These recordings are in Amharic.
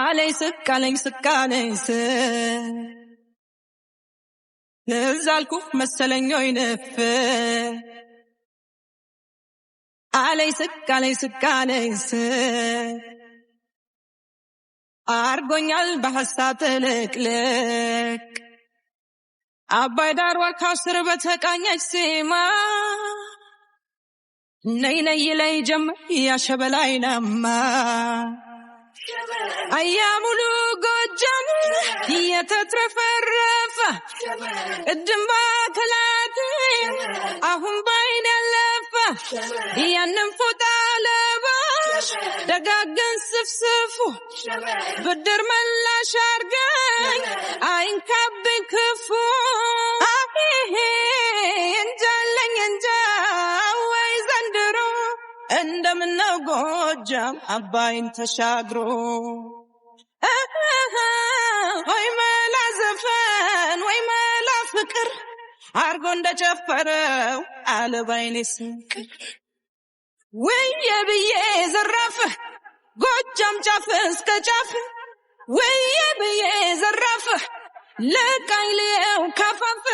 አለኝ ስቅ አለኝ ስቅ አለኝ ስ ልብዛልኩ መሰለኝ ይነፍ አለኝ ስቅ አለኝ ስቅ አለኝ አርጎኛል በሐሳብ ጥልቅልቅ አባይ ዳር ዋልካው ስር በተቃኘች ዜማ ነይ ነይ ላይ ጀምር ያሸበላይናማ አያ ሙሉ ጎጃም እየተትረፈረፈ ቅድም ባከላት አሁን ባይን ያለፈ ያንን ፎጣ ለባሽ ደጋገን ስፍስፉ ብድር መላሽ አርገኝ አይንካብኝ ክፉ እንደምነው ጎጃም አባይን ተሻግሮ ወይ መላ ዘፈን ወይ መላ ፍቅር አርጎ እንደጨፈረው አለባይኔ ስንቅር ውዬ ብዬ ዘራፍ ጎጃም ጫፍ እስከ ጫፍ ውዬ ብዬ ልቃይሌው ከፈፈ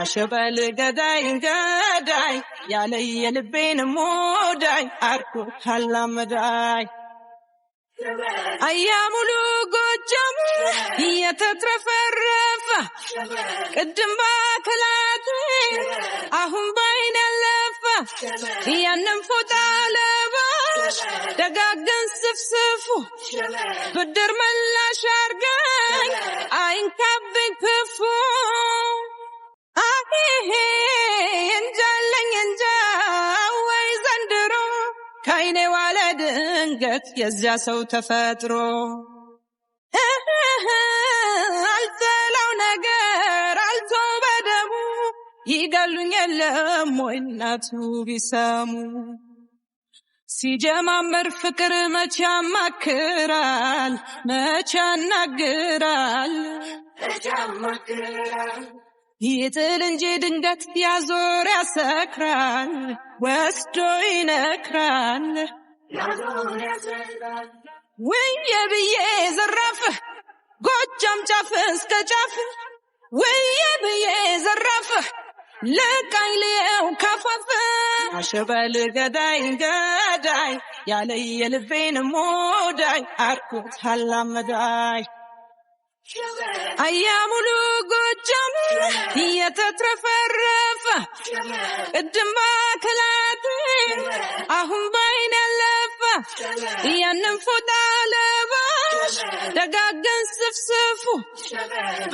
አሸበል ገዳይ ገዳይ ያለ የልቤን ሞዳይ አርጎ አላመዳይ አያ ሙሉ ጎጃም እየተትረፈረፈ ቅድም ባከላቴ አሁን ባይን ያለፈ እያንም ፎጣ ለባሽ ደጋገን ስፍስፉ ብድር መላሽ አርገኝ አይንካ perform. I እንጃለኝ እንጃ ወይ ዘንድሮ ከአይኔ ዋለ ድንገት የዚያ ሰው ተፈጥሮ አልጠላው ነገር አልቶ በደሙ ይገሉኝ የለም ወይ እናቱ ቢሰሙ ሲጀማመር ፍቅር መቼ ያማክራል መቼ ያናግራል ይጥል እንጂ ድንገት ያዞር ያሰክራል ወስዶ ይነክራል ውየ ብዬ ዘራፍ ጎጃም ጫፍ እስከ ጫፍ ውየ ብዬ ዘራፍ ልቃኝ ልየው ካፋፍ አሸበል ገዳይ ገዳይ ያለ የልቤን ሞዳይ አርኩት አላመዳይ አያ ሙሉ ጎጃም እየተትረፈረፈ ቅድም ባከላት አሁን ባይን ያለፈ እያንን ፎጣ ለባሽ ደጋገን ስፍስፉ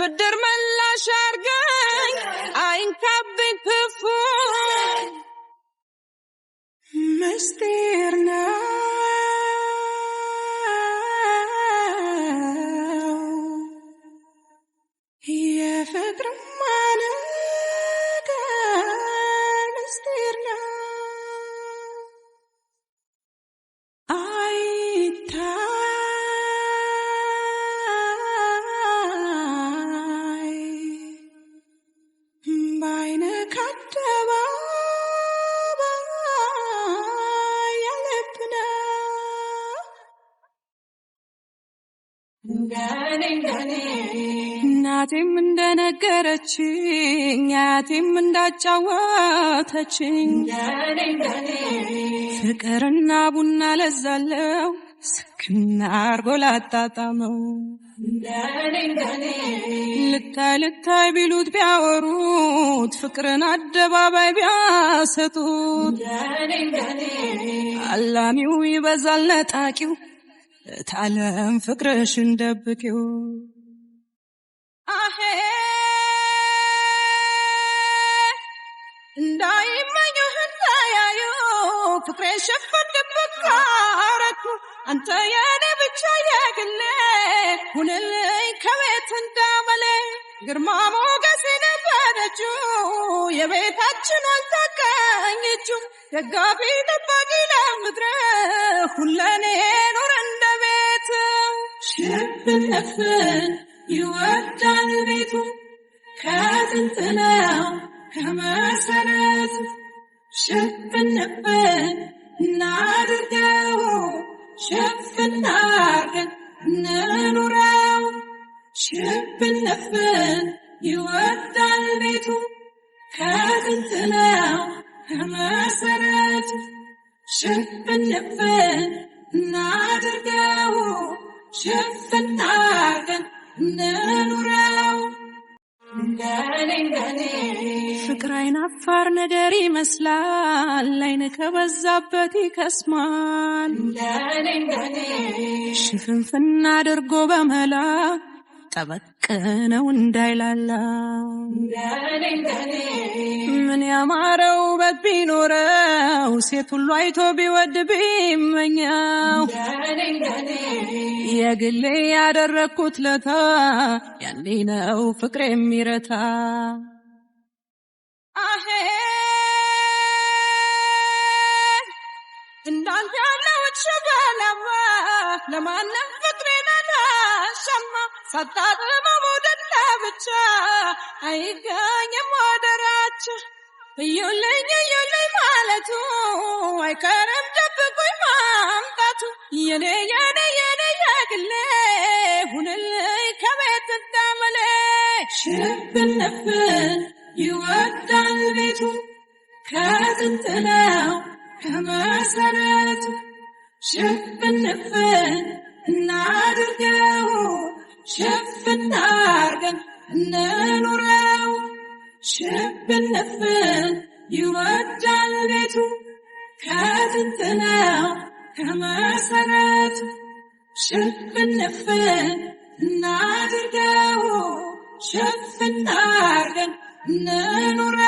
ብድር መላሽ አርገኝ አይንካብኝ ክፉ ምስጢር ነው። እናቴም እንደነገረችኝ አያቴም እንዳጫወተችኝ ፍቅርና ቡና ለዛለው ስክና አርጎ ላጣጣመው ልታይ ልታይ ቢሉት ቢያወሩት ፍቅርን አደባባይ ቢያሰጡት አላሚው ይበዛል ነጣቂው ለታለም ፍቅርሽን ደብቂው አሄ እንዳይመኙ እንዳያዩ ፍቅሬ ሸፈንበት ካረኩ አንተ የኔ ብቻ የግሌ ሁንልኝ ከቤት ግርማ ሞገስ የቤታችን ደጋፊ ጠባቂ ለምድረ ሁለኔ ኖር ሽብነትን ይወዳል ቤቱ ከጥንት ነው ከመሰረት ሽብነትን እናድርገው ሽብናርገን እንኑረው ሽብነትን ይወዳል ቤቱ ከጥንት ነው ከመሰረት ሽብነትን እናድርገው ሽፍን ፍቅር አይን አፋር ነገር ይመስላል። አይን ከበዛበት ይከስማል። ሽፍንፍን አድርጎ በመላ ጠበቅ ነው እንዳይላላ ምን ያማረው ቢኖረው ሴት ሁሉ አይቶ ቢወድ ቢመኛው የግሌ ያደረግኩት ለታ ያኔ ነው ፍቅር የሚረታ። አሄ እንዳንተ ያለውች ባላማ ለማንም አይገኝም አደራች እዩልኝ እዩልኝ ማለቱ አይቀርም ደብቆኝ ማምጣቱ የኔ የኔ የኔ የግሌ ሁንልኝ ከቤት እንዳመሌ ሽብን ነብን ይወዳል ቤቱ ከጥንት ነው ከመሰረቱ እናድርገው ሽፍን አርገን እንኑረው ሽብነፍን ይወዳል ቤቱ ከትንትነው ከመሰረቱ ሽብነፍን እናድርገው ሸፍናርገን እንኑረ